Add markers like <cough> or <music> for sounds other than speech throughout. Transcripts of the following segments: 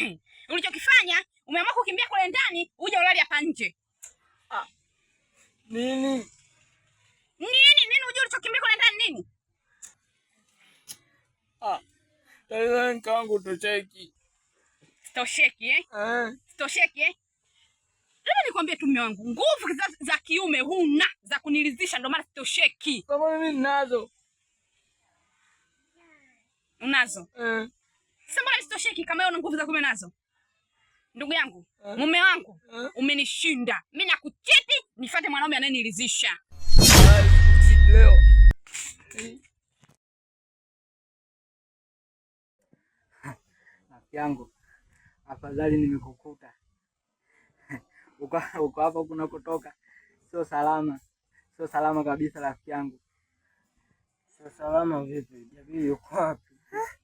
<coughs> Ulichokifanya umeamua kukimbia kule ndani uje ulali hapa nje. Ah. Nini? Nini nini uje ulichokimbia kule ndani nini? Ah. Tazama kangu tocheki. Tosheki eh? Ah. Tosheki eh? Labda nikwambie tu mume wangu, nguvu za, za kiume huna za kunilizisha, ndio maana sitosheki. Kama mimi ninazo. Unazo? Eh. Sambala sitosheki kama wewe una nguvu za kume nazo. Ndugu yangu, eh? mume wangu, eh? umenishinda. Mimi nakuchiti, nifuate mwanaume anayeniridhisha. Leo. yangu afadhali nimekukuta <laughs> uko hapa, kuna kutoka sio salama, sio salama kabisa rafiki yangu. Sio salama vipi? Jabii yuko wapi? Eh?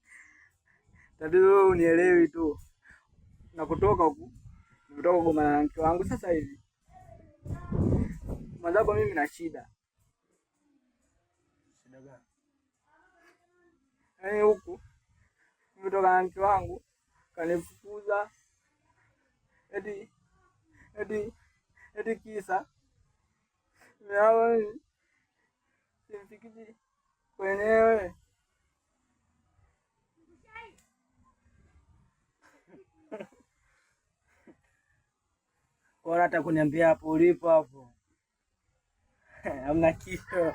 Tatizo wewe unielewi tu. Na kutoka huku nimetoka kwa na mke wangu sasa hivi. Madhaba mimi na shida. Shida gani? Eh, huku nimetoka na mke wangu kanifukuza. Eti eti eti kisa mimi yaani, simfikiri kwenyewe Bora hata kuniambia hapo ulipo hapo. <laughs> Hamna kitu. <laughs>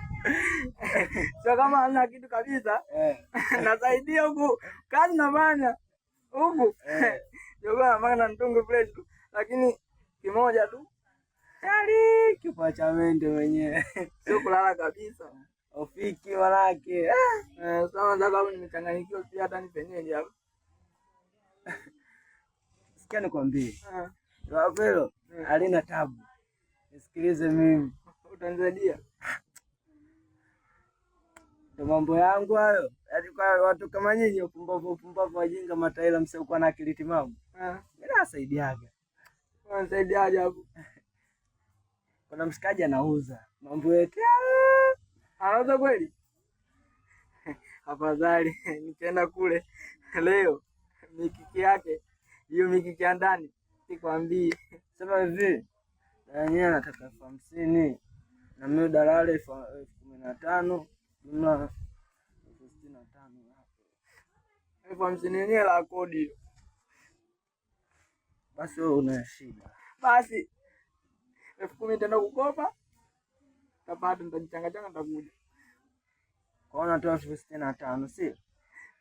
Sio kama hamna kitu kabisa. Eh. <laughs> Nasaidia huku kazi nafanya huku. Jogo na maana mtungu fresh tu lakini kimoja tu. Tali kipa cha mende mwenyewe. Sio kulala kabisa. Ofiki walake. Eh, sawa ndio kama nimechanganyikiwa pia hata ni penyewe hapa. Sikia nikwambie. Ah. Wapelo halina tabu. Nisikilize mimi, utanisaidia ndo mambo yangu hayo. Yaani kwa watu kama nyinyi upumbavu, upumbavu, wajinga, mataila, msiokuwa na akili timamu, ah. mimi nasaidiaga. Unasaidiaje hapo? <laughs> Kuna mshikaji anauza mambo yetu, anauza kweli. <laughs> Afadhali <laughs> nikaenda kule leo mikiki yake hiyo mikiki ya ndani Nikwambie sema hivi, yeye anataka elfu hamsini na mimi dalali elfu kumi na tano jumla elfu sitini na tano elfu hamsini yenyewe la kodi. Basi wewe una shida, basi elfu kumi nitaenda kukopa, tapata, nitajichangachanga, nitakuja kwaona, natoa elfu sitini na tano sio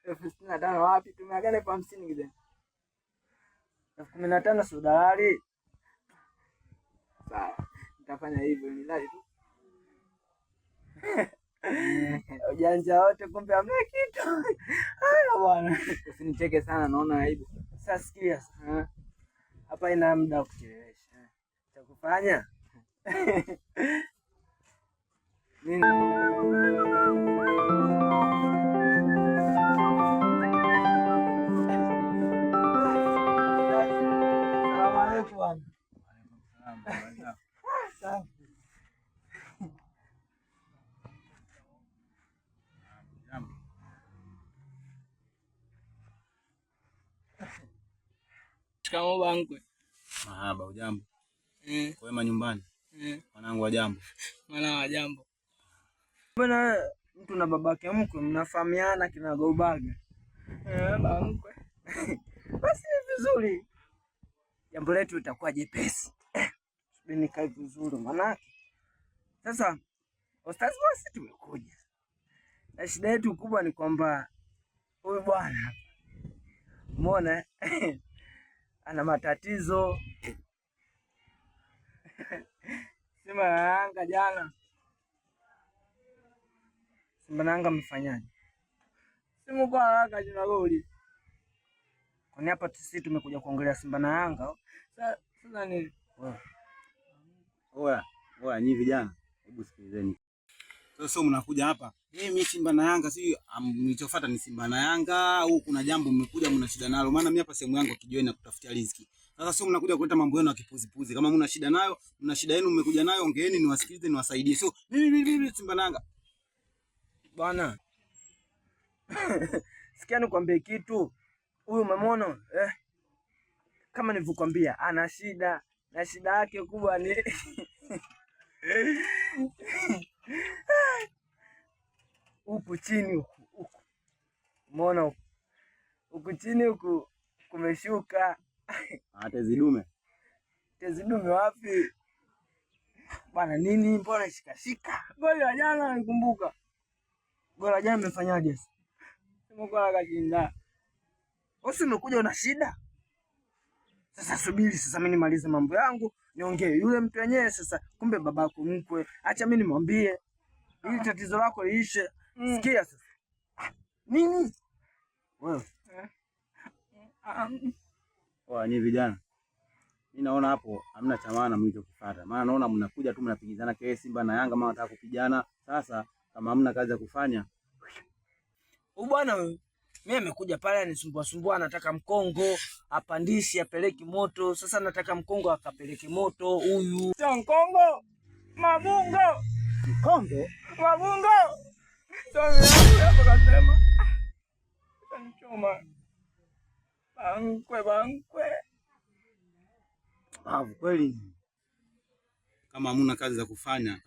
elfu sitini na tano wapi? Tumeagana elfu hamsini kijana elfu kumi na tano si udalali? Sawa, nitafanya hivyo nilali <laughs> tu ujanja wote, kumbe amna kitu. Haya bwana, usinicheke sana, naona aibu. Sasa sikia hapa, ina muda wa kuchelewesha cha kufanya <laughs> nini? mama bangwe. Mahaba, hujambo? Eh. Kwema nyumbani? Eh. Mwanangu hajambo? <laughs> Mwana jambo. Bwana mtu na babake mkwe mnafahamiana kinagaubaga. Eh, baba <laughs> Basi vizuri. Jambo letu litakuwa jepesi. Eh, Subiri kae vizuri maana. Sasa Ostaz wasi tumekuja. Na shida yetu kubwa ni kwamba huyu bwana umeona <laughs> ana matatizo <laughs> Simba na Yanga jana, Simba na Yanga mmefanyaje? Simu kwa haraka jina goli kwani hapa sisi tumekuja kuongelea Simba na Yanga. Sasa ni oya oya, nyi vijana, hebu sikilizeni, sio mnakuja hapa mimi eh, Simba na Yanga si mlichofuata ni Simba na Yanga au kuna jambo mmekuja mna shida nalo? Maana mimi hapa sehemu yangu kijoi na kutafutia riziki. Sasa sio mnakuja kuleta mambo yenu ya kipuzipuzi. Kama mna shida nayo, mna shida yenu mmekuja nayo, ongeeni niwasikilize, niwasaidie. Sio mimi mimi Simba na Yanga. Bwana. <coughs> Sikia nikwambie kitu. Huyu umemwona eh? Kama nilivyokuambia ana shida na shida yake kubwa ni <laughs> chini huku huku, umeona huku huku chini huku kumeshuka. <laughs> Ah, tezidume tezidume wapi bana? Nini mbona shika? Goli la jana nikumbuka, goli la jana mmefanyaje? Simkola kashinda usi, umekuja una shida sasa. Subiri sasa, mimi nimalize mambo yangu niongee yule mtu wenyewe. Sasa kumbe babako mkwe, acha mimi nimwambie ili tatizo lako liishe. Sikia sasa. Nini? Wewe. Wa ni vijana. mi naona hapo hamna cha maana mlichokifuata. Maana naona mnakuja tu mnapigizana kesi Simba na Yanga maana nataka kupigana. Sasa kama hamna kazi ya kufanya. U bwana wewe. mi amekuja pale anisumbua sumbua, anataka mkongo apandishi apeleki moto. Sasa nataka mkongo akapeleke moto huyu. Sio mkongo. Mabungo. Mkongo. Mabungo akasema atanichoma bankwe bankwe. Bavu kweli, kama hamuna kazi za kufanya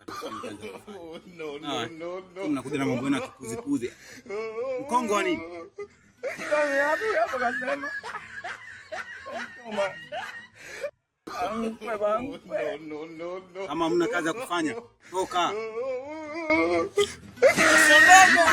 mnakuja na mambo yenu ya kipuzipuzi. Mkongo wa nini? akasema atanichoma bankwe bankwe. Kama hamuna kazi za kufanya toka Sobrado.